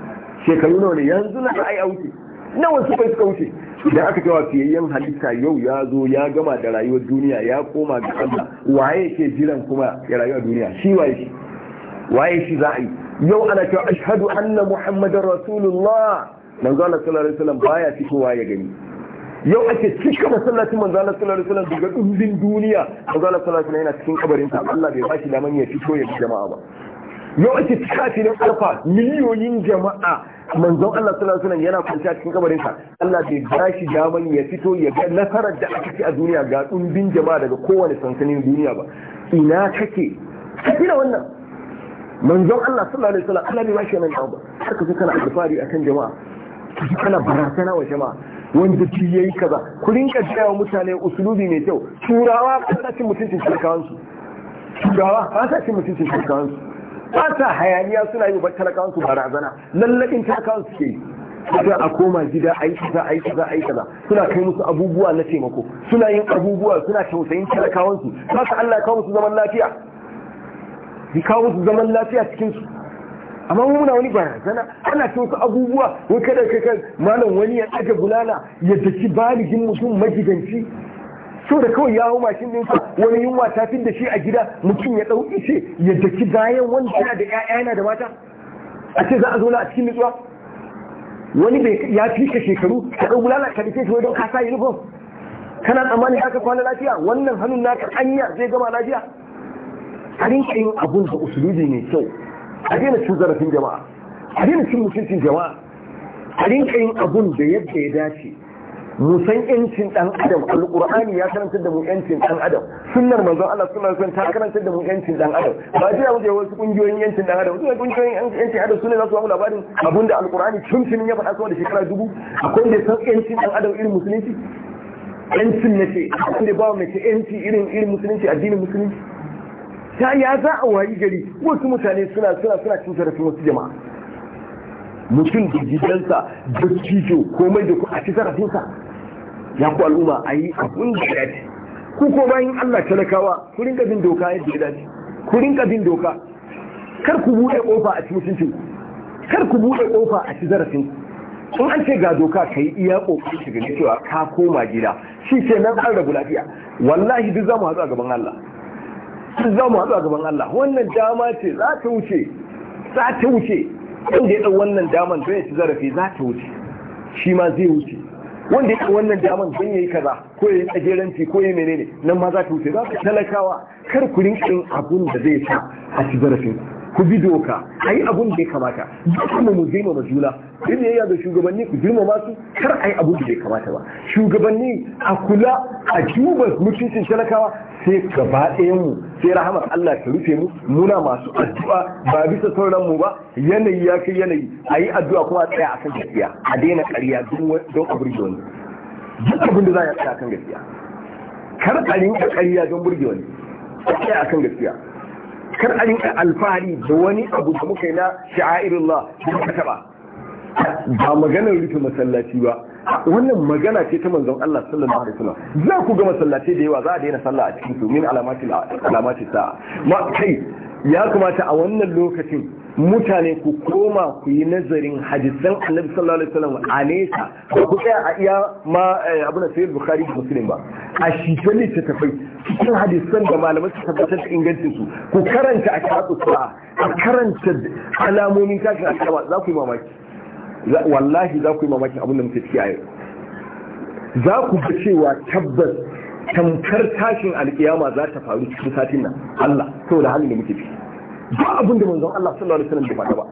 shekaru nawa ne yanzu nan ai a wuce nawa su bai suka wuce idan aka cewa fiyayyen halitta yau ya zo ya gama da rayuwar duniya ya koma ga Allah waye ke jiran kuma ya rayuwar duniya shi waye shi waye shi za a yi yau ana cewa ashhadu anna muhammadar rasulullah manzo Allah sallallahu alaihi wasallam baya fitowa ya gani yau ake cika masallacin manzo Allah sallallahu alaihi wasallam daga dundin duniya manzo Allah sallallahu alaihi yana cikin kabarin sa Allah bai bashi daman ya fito ya jama'a ba yau ake cika filin alfa miliyoyin jama'a manzon Allah sallallahu alaihi wasallam yana kwanciya cikin kabarin sa Allah bai bashi daman ya fito ya ga nasarar da aka ci a duniya ga dundin jama'a daga kowane sansanin duniya ba ina kake kafira wannan manzon Allah sallallahu alaihi wasallam Allah bai ba shi wannan har ka kana alfari akan jama'a kana barazana wa jama'a wanda ki yayi kaza ku rinka jiyawa mutane usulubi mai kyau turawa ba sa cin mutuncin talakawansu turawa ba sa cin mutuncin talakawansu ba sa hayaniya suna yi wa talakawansu barazana lallakin talakawansu ke yi a koma gida a yi kaza a yi kaza a yi kaza suna kai musu abubuwa na taimako suna yin abubuwa suna tausayin talakawansu ba Allah ya kawo musu zaman lafiya ya kawo musu zaman lafiya cikinsu. amma mu muna wani barazana ana cin su abubuwa wai kada kai malam wani ya ɗaga bulala ya daki baligin mutum magidanci so da kawai ya hau mashin ɗinsa wani yunwa ta fi da shi a gida mutum ya ɗau ice ya daki bayan wanda yana da ƴaƴa yana da mata a ce za a zauna a cikin nutsuwa wani bai ya fi ka shekaru ka ɗau bulala ka dake shi wai don ka sa uniform kana tsammani haka kwana lafiya wannan hannun naka anya zai gama lafiya a rinka yin abun da usulubi mai kyau a daina cin zarafin jama'a a daina cin mutuncin jama'a a rinka yin abun da yadda ya dace mu san yancin dan adam alqur'ani ya karanta da mu yancin dan adam sunnar manzon Allah sunnar alaihi ta karanta da mu yancin dan adam ba ji a wuce wasu kungiyoyin yancin dan adam wasu kungiyoyin yancin adam sune za su labarin mu labarin abinda alqur'ani tuntun ya faɗa saboda da shekara dubu akwai da san yancin dan adam irin musulunci yancin ne ce akwai da ba mu ce yanci irin irin musulunci addinin musulunci ta ya za a wayi gari wasu mutane suna suna suna cin zarafin wasu jama'a mutum da gidansa da cijo komai da ku a ci zarafinsa ya ku al'umma a yi abun da ya ce ku ko bayan Allah talakawa ku rinka bin doka yadda ya dace ku rinka bin doka kar ku buɗe kofa a ci mutuncin kar ku buɗe kofa a ci zarafin in an ce ga doka yi iya kokarin shiga cewa ka koma gida shi ce nan an rabu lafiya wallahi duk za haɗu a gaban Allah duk za mu haɗu a gaban Allah wannan dama ce za ta wuce za ta wuce wanda ya ɗau wannan daman don ya ci zarafi za ta wuce shi ma zai wuce wanda ya ɗau wannan daman don ya yi kaza ko ya yi tsageranci ko ya menene nan ma za ta wuce za ta talakawa kar ku rinƙin yin abun da zai sa a ci zarafin ku ku bi doka a yi abun da ya kamata kuma mu girmama juna in ya da shugabanni ku girmama su kar a yi abun da ya kamata ba shugabanni a kula a juba mutuncin talakawa sai gaba mu sai rahamar Allah ta rufe mu muna masu addu'a ba bisa sauran mu ba yanayi ya kai yanayi a yi addu'a kuma a tsaya a kan gaskiya a daina ƙarya don a burge wani duk abin da za a tsaya a kan gaskiya kar a rinka ƙarya don burge wani a tsaya a kan gaskiya kar a rinka alfahari da wani abu da muka yi na sha'airullah da muka taba ba maganar rufe masallaci ba wannan magana ce ta manzon Allah sallallahu alaihi wasallam za ku ga masallaci da yawa za a daina sallah a cikin su min alamati alamati ma kai ya kamata a wannan lokacin mutane ku koma ku yi nazarin hadisan annabi sallallahu alaihi wasallam a nesa ba ku tsaya a iya ma eh, abu na sayyid bukhari da muslim ba a shi ta tafai cikin hadisan da malamai su tabbatar da ingancin su ku karanta a karatu sa'a a karanta alamomin tashin alkama za ku yi mamaki wallahi za ku yi mamaki abin da muke ciki a yau za ku ga cewa tabbas tamkar tashin alkiyama za ta faru cikin satin nan Allah saboda halin da muke ciki ba abin da manzon Allah sallallahu alaihi wasallam bai faɗa ba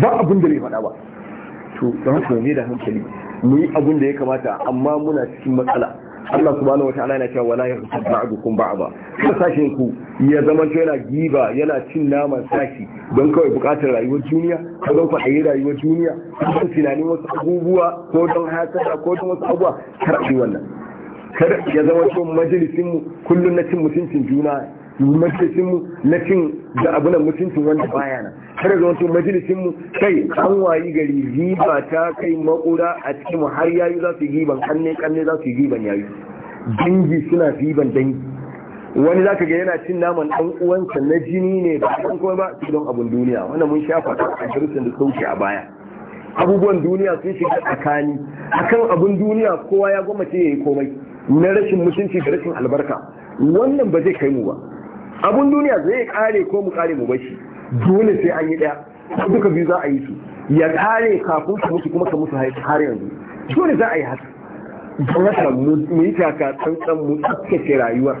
ba abin da bai faɗa ba to don haka ne da hankali mu yi abin da ya kamata amma muna cikin matsala Allah subhanahu wataala yana cewa wala yaghtab ba'dukum ba'da kada sashin ku ya zama to yana giba yana cin naman sashi don kawai bukatar rayuwar duniya ko don kwaɗayi rayuwar duniya ko don tunanin wasu abubuwa ko don hasara ko don wasu abubuwa kar a yi wannan kar ya zama to majalisin mu kullun na cin mutuncin juna majalisin mu na cin da abunan mutuncin wanda baya nan kar ya zama to majalisin mu kai an wayi gari giba ta kai makura a cikin mu har yayi za su giban kanne kanne za su giban yayi dangi suna giban dangi wani za ka ga yana cin naman ɗan uwansa na jini ne ba ɗan kuma ba su don abun duniya wannan mun shafa a darussan da sauke a baya abubuwan duniya sun shiga tsakani akan abun duniya kowa ya gwamnati ya yi komai na rashin mutunci da rashin albarka wannan ba zai kai mu ba abun duniya zai kare ko mu kare mu bashi dole sai an yi daya ko duka biyu za a yi su ya kare kafin ka mutu kuma ka mutu har yanzu dole za a yi haka don haka mu yi taka tsantsan mu tsaftace rayuwar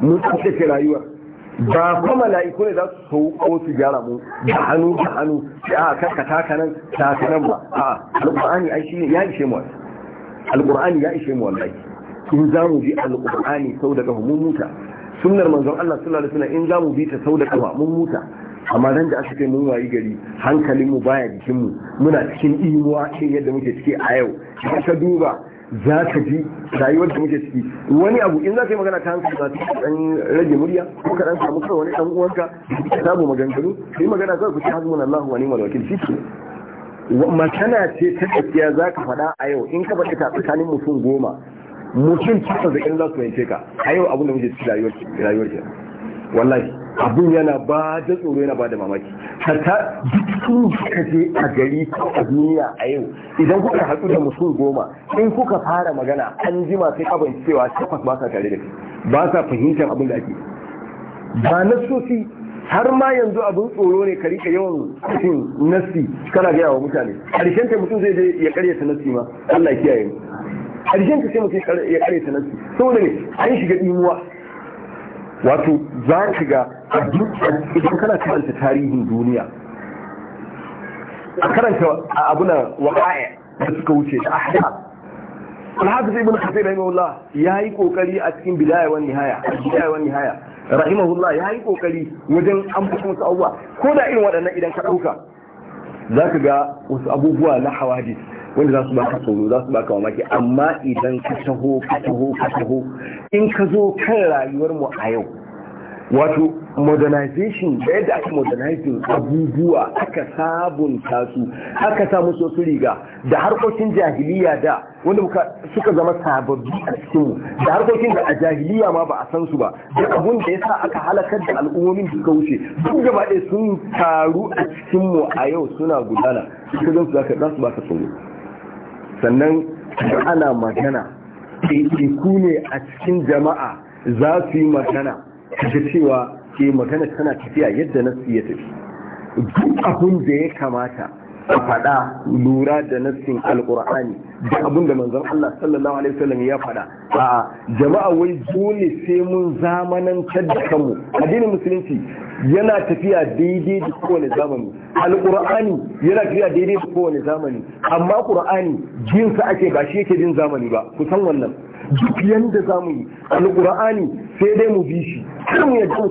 mu tsaftace rayuwar ba kuma mala'iku ne za su ko su gyara mu da hannu da hannu sai a kanka taka nan taka nan ba a alƙur'ani ya ishe mu alqur'ani ya ishe mu wallahi in za mu bi alƙur'ani sau da kafa mun muta sunnar manzon Allah sallallahu alaihi wasallam in za mu bi ta sau da kafa mun muta amma nan da aka mun wayi gari hankalin mu baya jikin mu muna cikin imuwa cikin yadda muke ciki a yau idan ka duba za ka ji rayuwar da muke ciki wani abu in za ka yi magana ta hankali za ka dan rage murya ko ka dan samu kawai wani dan uwanka ka samu maganganu yi magana kawai ku ci hasbun Allahu wa ni'mal wakil shi magana ce ta gaskiya za ka faɗa a yau in ka faɗi ta tsakanin mutum goma mutum cikin zaƙin za su yanke ka a yau abin da muke cikin rayuwar ke wallahi abin yana ba da tsoro yana ba da mamaki hatta dukkan suka je a gari ko a duniya a yau idan kuka haɗu da mutum goma in kuka fara magana an ji sai abin cewa takwas ba sa tare da su ba sa fahimtar abin da ake ba na sosi har ma yanzu abin tsoro ne ka rika yawan cikin nasi kana gaya wa mutane karshen ta mutum zai je ya karyata nasi ma Allah kiyaye mu karshen ka sai mutum ya kare ta nan saboda ne an shiga dimuwa wato za ka ga idan kana karanta tarihin duniya a karanta abunan waƙa'a da suka wuce da ahya alhafiz ibn kafir rahimahullah ya yi kokari a cikin bidaya wa nihaya bidaya wa nihaya rahimahullah ya yi kokari wajen amfani fito musu ko da irin waɗannan idan ka ɗauka za ka ga wasu abubuwa na hawadis wanda za su baka tsoro za su baka mamaki amma idan ka taho ka taho ka taho in ka zo kan rayuwar mu a yau wato modernization da yadda aka modernizing abubuwa aka sabunta su aka sa musu wasu riga da harkokin jahiliya da wanda suka zama sababbi a cikinmu da harkokin da a jahiliya ma ba a san su ba da abun da yasa aka halakar da al'ummomin suka wuce duk gaba ɗaya sun taru a cikinmu a yau suna gudana suka zan su dan su ba ka tsoro sannan da ana magana ku ne a cikin jama'a za su yi magana da cewa ke eh, magana tana tafiya yadda na ya tafi duk abin da ya kamata a faɗa lura da nassin alkur'ani da abin da manzon Allah sallallahu alaihi wasallam ya faɗa a jama'a wai dole sai mun zamanantar da kanmu addinin musulunci yana tafiya daidai da kowane zamani alkur'ani yana tafiya daidai da kowane zamani amma qur'ani sa ake ba shi yake jin zamani ba ku san wannan duk yanda za mu yi alƙur'ani sai dai mu bi shi kuma mu yadda mu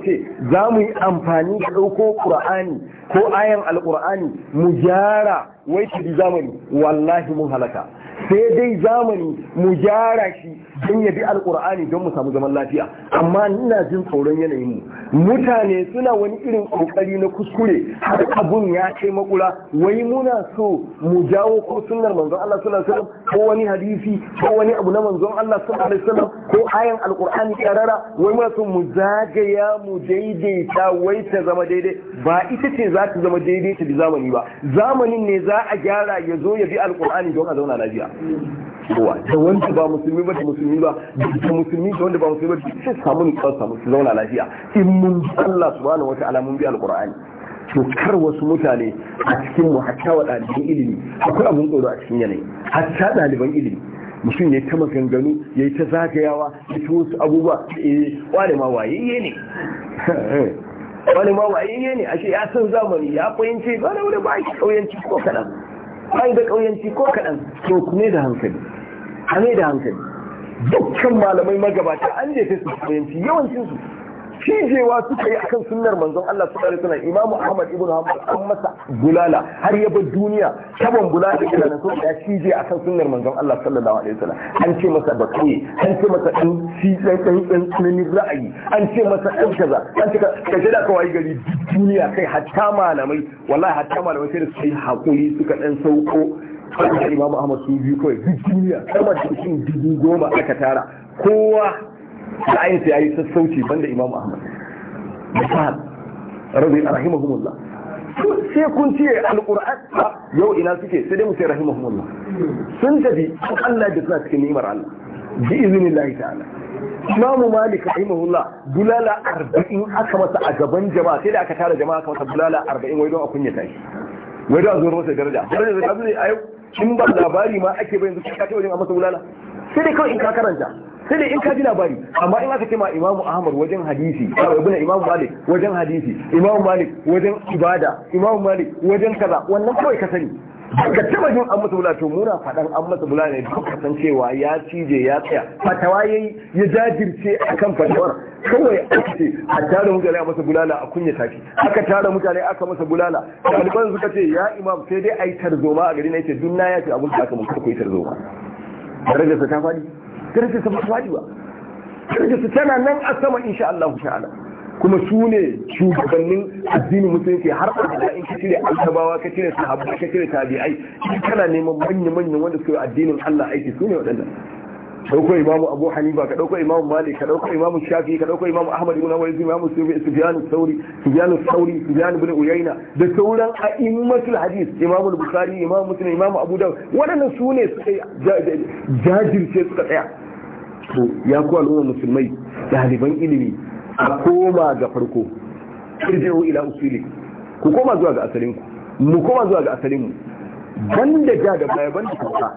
za mu yi amfani da ɗauko ƙur'ani ko ayan alkur'ani mu gyara wai ki zamani wallahi mun halaka sai dai zamani mu gyara shi don ya bi alkur'ani don mu samu zaman lafiya amma ina jin tsoron yanayin mu mutane suna wani irin kokari na kuskure har abun ya kai makula wai muna so mu jawo ko sunnar manzon Allah sallallahu alaihi wasallam ko wani hadisi ko wani abu na manzon Allah sallallahu alaihi wasallam ko ayan alkur'ani karara wai muna so mu zagaya mu daidaita wai ta zama daidai ba ita ce za ta zama daidai ta zamani ba zamanin ne za a gyara ya zo ya bi alkur'ani don a zauna lafiya kowa da wanda ba musulmi ba da musulmi ba da musulmi da wanda ba musulmi ba sai samu ni kawai samu su zauna lafiya in mun Allah subhanahu wataala mun bi alqur'ani to kar wasu mutane a cikin mu hatta wa ɗaliban ilimi akwai abun tsoro a cikin yanayi hatta ɗaliban ilimi mutum ya ta maganganu ya yi ta zagayawa ya ta wasu abubuwa eh, wane ma wayayye ne wani ma wayayye ne ashe ya san zamani ya fahimci ba da wani ba shi ƙauyanci ko kaɗan ba da ƙauyanci ko kaɗan to kuma da hankali hane da hankali dukkan malamai magabata an jefe su fahimci yawancin su cijewa suka yi akan sunnar manzon Allah su ɗari suna imamu Ahmad ibn Hanbal an masa bulala har ya bar duniya taban bulala da nan sun ya cije akan sunnar manzon Allah sallallahu alaihi wasallam an ce masa bakai an ce masa dan shi dan dan dan ra'ayi an ce masa dan kaza an ce ka jira ka wayi gari duniya kai hatta malamai wallahi hatta malamai sai da su yi hakuri suka dan sauko haka da imamu ahmad su biyu kawai duk duniya sama da cikin dubu goma aka tara kowa da ayin sai yayi sassauci banda imamu ahmad misal rabbi rahimahumullah sai kun ce alquran yau ina suke sai dai mu sai rahimahumullah sun tafi Allah da suna cikin ni'imar Allah bi iznillahi ta'ala Imam Malik rahimahullah bulala 40 aka masa a gaban jama'a sai da aka tara jama'a aka masa bulala 40 wai don a kunyata shi wai don a zo masa daraja daraja da tabbata a yau in ba labari ma ake bayan zuciya ka ce wajen a masa bulala sai dai kawai in ka karanta sai dai in ka ji labari amma in aka ce ma imamu ahmad wajen hadisi ibn imamu malik wajen hadisi imamu malik wajen ibada imamu malik wajen kaza wannan kawai ka sani ka taba jin an masa bula to muna faɗan an masa bula ne duk kasan cewa ya cije ya tsaya fatawa yayi ya jajirce akan fatawar kawai aka ce a tara mutane a masa bulala a kunya tafi aka tara mutane aka masa bulala ɗaliban suka ce ya imam sai dai a yi tarzoma a gari na yace duk na ya ce abin da aka mun karko yi tarzoma darajarsa ta faɗi darajarsa ba ta faɗi ba darajarsa tana nan a sama insha Allah ta'ala kuma su ne shugabannin addinin musulunci har abada in ka cire alkabawa ka cire sahabbai ka cire tabi'ai in kana neman manya manyan wanda suka yi addinin Allah aiki su ne waɗannan ɗauko imamu abu hanifa ka ɗauko imamu malik ka ɗauko imamu shafi ka ɗauko imamu ahmad ibn hanbal imamu sufyan sauri sufyan sauri sufyan ibn uyayna da sauran a'immatul hadith imamu bukhari imamu muslim imamu abu dawud waɗannan su ne suka jajirce suka tsaya to ya ku al'umma musulmai ɗaliban ilimi a koma ga farko irji'u ila usuli ku koma zuwa ga asalin ku mu koma zuwa ga asalin mu banda ja da baya banda kuka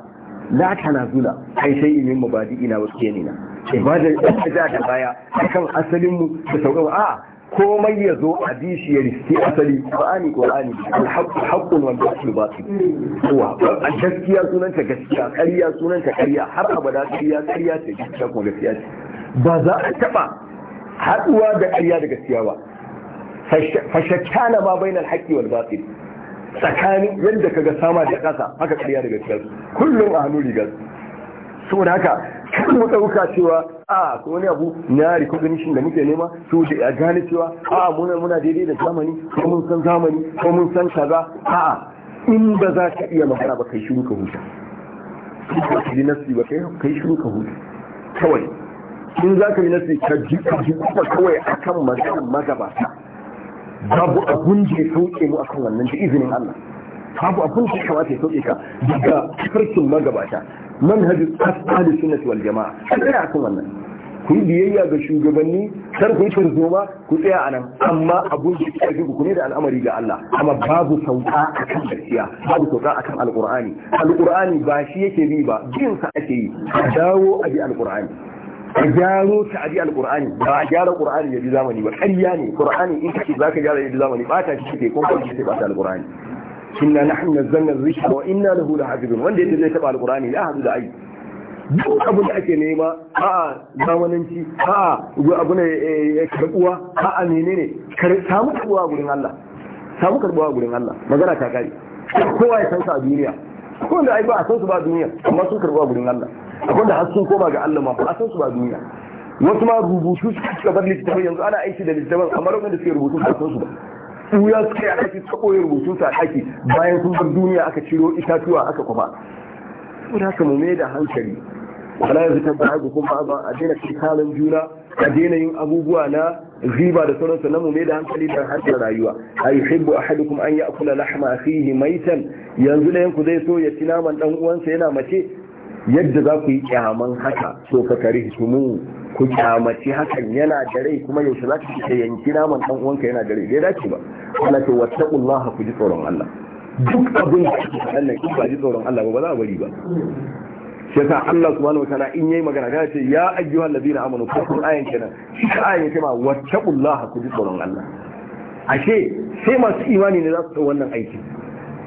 la kana zula kai sai in yin mabadi ina wasu kenina ibadar da ja da baya akan asalin mu da sauran a'a komai ya zo a dishi ya riske asali qur'ani qur'ani alhaqqu haqqun wal batil batil wa gaskiya sunanta gaskiya ƙarya sunanta ƙarya har abada ƙarya ƙarya ta gaskiya kuma gaskiya ce ba za a taba haduwa da ƙarya da gaskiya ba fashakkana ma bainal haqqi wal batil tsakanin yadda kaga sama da ƙasa haka ƙarya da gaskiya kullum a hannun rigar da haka kan mu ɗauka cewa a ko wani abu na recognition da muke nema to da ya gane cewa a muna muna daidai da zamani ko mun san zamani ko mun san kaza a in ba za ka iya magana ba kai shiru ka huta kai shiru ka huta kawai in za ka yi nasi ka ji kuma kawai akan maganar magabata babu abun da ya sauke mu akan wannan da izinin Allah babu abun da ya kamata ya sauke ka daga farkin magabata man manhajin asali sunnati wal jama'a an tsaya akan wannan ku yi biyayya ga shugabanni kar ku yi tarzoma ku tsaya a nan amma abun da ya ji ku ne da al'amari ga Allah amma babu sauka a kan gaskiya babu sauka a akan alqur'ani alqur'ani ba shi yake bi ba jin ake yi dawo a bi alqur'ani Ka gyaro ta al alqur'ani ba a gyara qur'ani ya bi zamani ba ƙarya ne qur'ani in kake ka gyara ya bi zamani ba ta shi kake ko kuma kake ba ta alqur'ani inna nahnu nazzalna dhikra wa inna lahu lahafizun wanda yake zai taba alqur'ani ya hadu da ai duk abin da ake nema a'a zamananci a'a abu ne eh, karbuwa a'a menene samu karbuwa gurin Allah samu karbuwa gurin Allah magana ta kare kowa ya san sa a duniya ko da ai ba a san su ba a duniya amma sun karbuwa gurin Allah akwai da har sun koma ga Allah ma ba san su ba duniya wasu ma rubutu suke cika bar littafin yanzu ana aiki da littafin amma lokacin da suke rubutu ba san su ba su ya suka yi aiki ta koyar rubutu ta ɗaki bayan sun bar duniya aka ciro itatuwa aka kwafa da haka mu mai da hankali wala yanzu ta ba kuma ba a daina kitalin juna a daina yin abubuwa na riba da sauransu na mu da hankali da harkar rayuwa a yi hibbu a haɗu kuma an yi akula lahama a fiye maitan yanzu da yanku zai so ya ci naman ɗan uwansa yana mace yadda za ku yi kyaman haka so ka kare mu ku kyamaci hakan yana da rai kuma yaushe za ka yanki naman ɗan uwanka yana da rai bai dace ba Allah ce wattaqullaha ku ji tsoron Allah duk abin da ake faɗan nan in ba ji tsoron Allah ba ba za a bari ba shi yasa Allah subhanahu wataala in yayi magana ta ce ya ayyuhal ladina amanu ku kun ayan kenan shi ka ayan ce ma wattaqullaha ku ji tsoron Allah ashe sai masu imani ne za su wannan aiki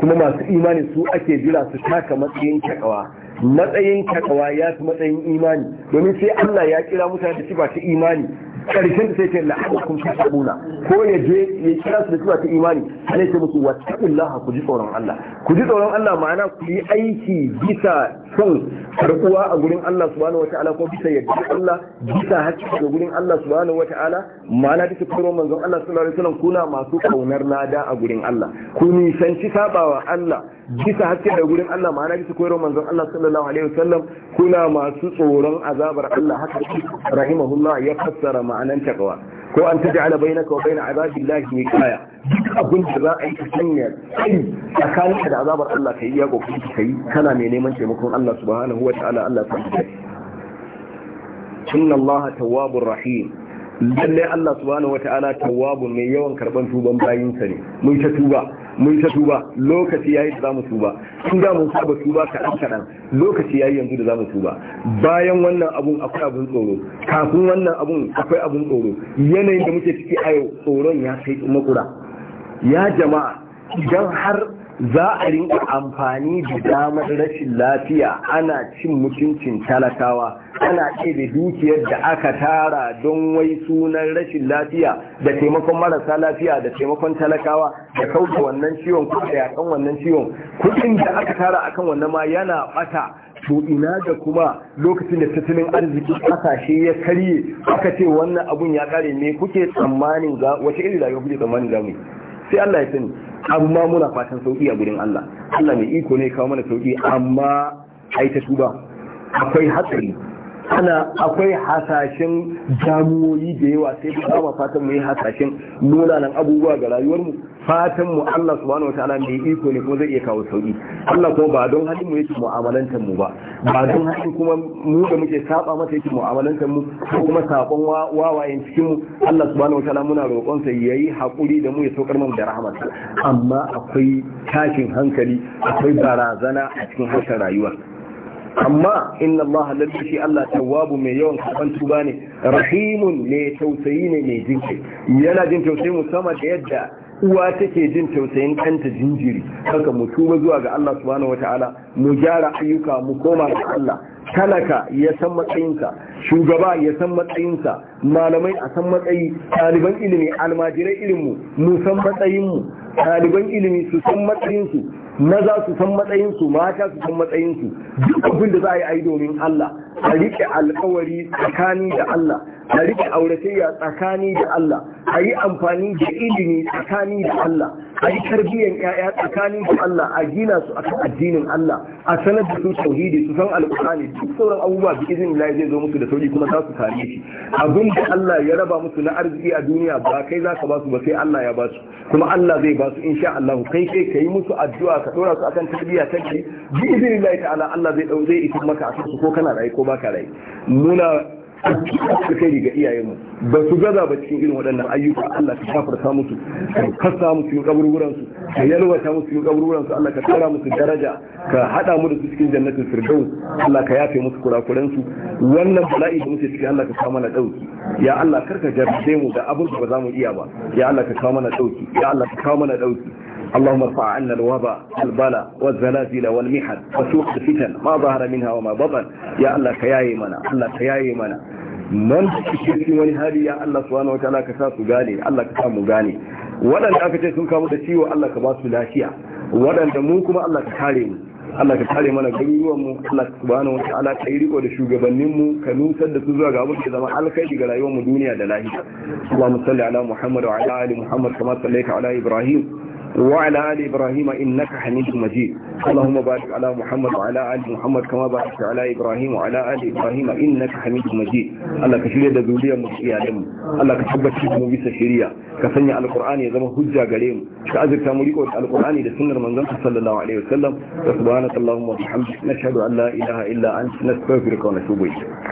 kuma masu imani su ake jira su taka matsayin kyakawa. matsayin kakawa ya fi matsayin imani domin sai Allah ya kira mutane da shi ba ta imani karshen da sai ce la'allakum tasabuna ko ya je ya kira su da cewa ta imani sai ce musu wattaqullaha ku ji tsoron Allah ku ji tsoron Allah ma'ana ku yi aiki bisa son karkuwa a gurin Allah subhanahu wata'ala ko bisa yadda Allah bisa hakki da gurin Allah subhanahu wata'ala ma'ana duka kiro manzon Allah sallallahu alaihi wasallam kuna masu kaunar lada a gurin Allah ku nisanci sabawa Allah bisa haske da gurin Allah ma'ana bisa koyarwar manzon Allah sallallahu alaihi wasallam kuna masu tsoron azabar Allah haka rahimahullah ya fassara ma'anan takawa ko an taj'ala bainaka wa bain azabillahi wiqaya duk abin da za a yi hanya kai tsakanin da azabar Allah kai ya gobe kai kana mai neman taimakon Allah subhanahu wata'ala Allah ta yi inna Allah tawwabur rahim lalle Allah subhanahu wata'ala tawwabun mai yawan karban tuban bayinsa ne mun ta tuba mun ta tuba lokaci yayi da zamu tuba in da mun saba tuba kaɗan kaɗan lokaci yayi yanzu da zamu tuba bayan wannan abun akwai abun tsoro kafin wannan abun akwai abun tsoro yanayin da muke ciki a yau tsoron ya kai makura ya jama'a idan har za a rinka amfani da damar rashin lafiya ana cin mutuncin talakawa ana da dukiyar da aka tara don wai sunan rashin lafiya da taimakon marasa lafiya da taimakon talakawa da kauce wannan ciwon ko da yakan wannan ciwon kuɗin da aka tara akan wannan ma yana ɓata to ina da kuma lokacin da tattalin arziki kasashe ya karye aka ce wannan abun ya kare ne kuke tsammanin ga wace irin rayuwa kuke tsammanin za mu sai Allah ya sani amma muna fatan sauki a gurin Allah Allah mai iko ne kawo mana sauki amma ai ta tuba akwai hatsari ana akwai hasashen damuwoyi da yawa sai ba ma fatan mu yi hasashen munanan abubuwa ga rayuwarmu fatan mu Allah subhanahu wataala mai iko ne kuma zai iya kawo sauki Allah kuma ba don halin mu yake mu'amalantar mu ba ba don halin kuma mu da muke saba masa yake mu'amalantar mu ko kuma sakon wawayen cikin mu Allah subhanahu wataala muna roƙon sa yayi hakuri da mu ya saukar mu da rahama amma akwai tashin hankali akwai barazana a cikin harkar rayuwar. amma inna Allah lalle Allah tawwabu mai yawan karban tuba ne rahimun ne tausayi ne mai jinkai yana jin tausayi musamman da yadda uwa take jin tausayin ɗanta jinjiri haka mu tuba zuwa ga Allah subhanahu wataala mu gyara ayyuka mu koma ga Allah talaka ya san matsayinsa shugaba ya san matsayinsa malamai a san matsayi ɗaliban ilimi almajirai ilimu mu san matsayinmu ɗaliban ilimi su san matsayinsu maza su san matsayinsu mata su san matsayinsu duk abin da za a yi domin Allah a riƙe alƙawari tsakani da Allah a rike auratayya tsakani da Allah a yi amfani da ilimi tsakani da Allah a yi tarbiyyar ‘ya'ya tsakani da Allah a gina su akan addinin Allah a sanar da su tauhidi su san alƙur'ani duk sauran abubuwa bi izin Allah zai zo musu da sauki kuma za su same shi abin da Allah ya raba musu na arziki a duniya ba kai za ka ba su ba sai Allah ya ba su kuma Allah zai ba su insha Allah kai kai kai musu addu'a ka dora su akan tarbiyya ta ke bi izin Allah ta'ala Allah zai dau zai isa maka a su ko kana rai ko baka rai muna alkhairi ga mu. ba su gaza ba cikin irin waɗannan ayyuka Allah ka kafarta musu ka kasa musu yin kaburburan su ka yalwata musu yin kaburburan su Allah ka kara musu daraja ka hada mu da su cikin jannatin firdaus Allah ka yafe musu kurakuran su wannan bala'i da muke ciki Allah ka kawo mana dauki ya Allah karka jarrabe mu da abin da ba za mu iya ba ya Allah ka kawo mana dauki ya Allah ka kawo mana dauki اللهم ارفع عنا الوباء والبلاء والزلازل والمحن وسوء الفتن ما ظهر منها وما بطن يا الله كياي منا الله كياي منا man cikin wani hali ya Allah subhanahu wataala ka sa su gane Allah ka mu gane waɗanda aka ce sun kamu da ciwo Allah ka ba su mu kuma Allah ka kare mana garuruwan mu Allah subhanahu wataala ka yi riko da shugabannin mu ka nusar da su zuwa ga abin da zama alkhairi ga rayuwar mu duniya da lahira Allahumma salli ala Muhammad wa ala ali Muhammad kama sallaita ala Ibrahim وعلى آل إبراهيم إنك حميد مجيد اللهم بارك على محمد وعلى آل محمد كما باركت على إبراهيم وعلى آل إبراهيم إنك حميد مجيد الله كشري da zuriyar mu iya mu Allah ka tabbatar da mu bisa shari'a ka sanya alqur'ani ya zama hujja gare mu ka azurta mu riko da alqur'ani da sunnar manzon sallallahu alaihi wasallam subhanakallahumma wa bihamdika nashhadu an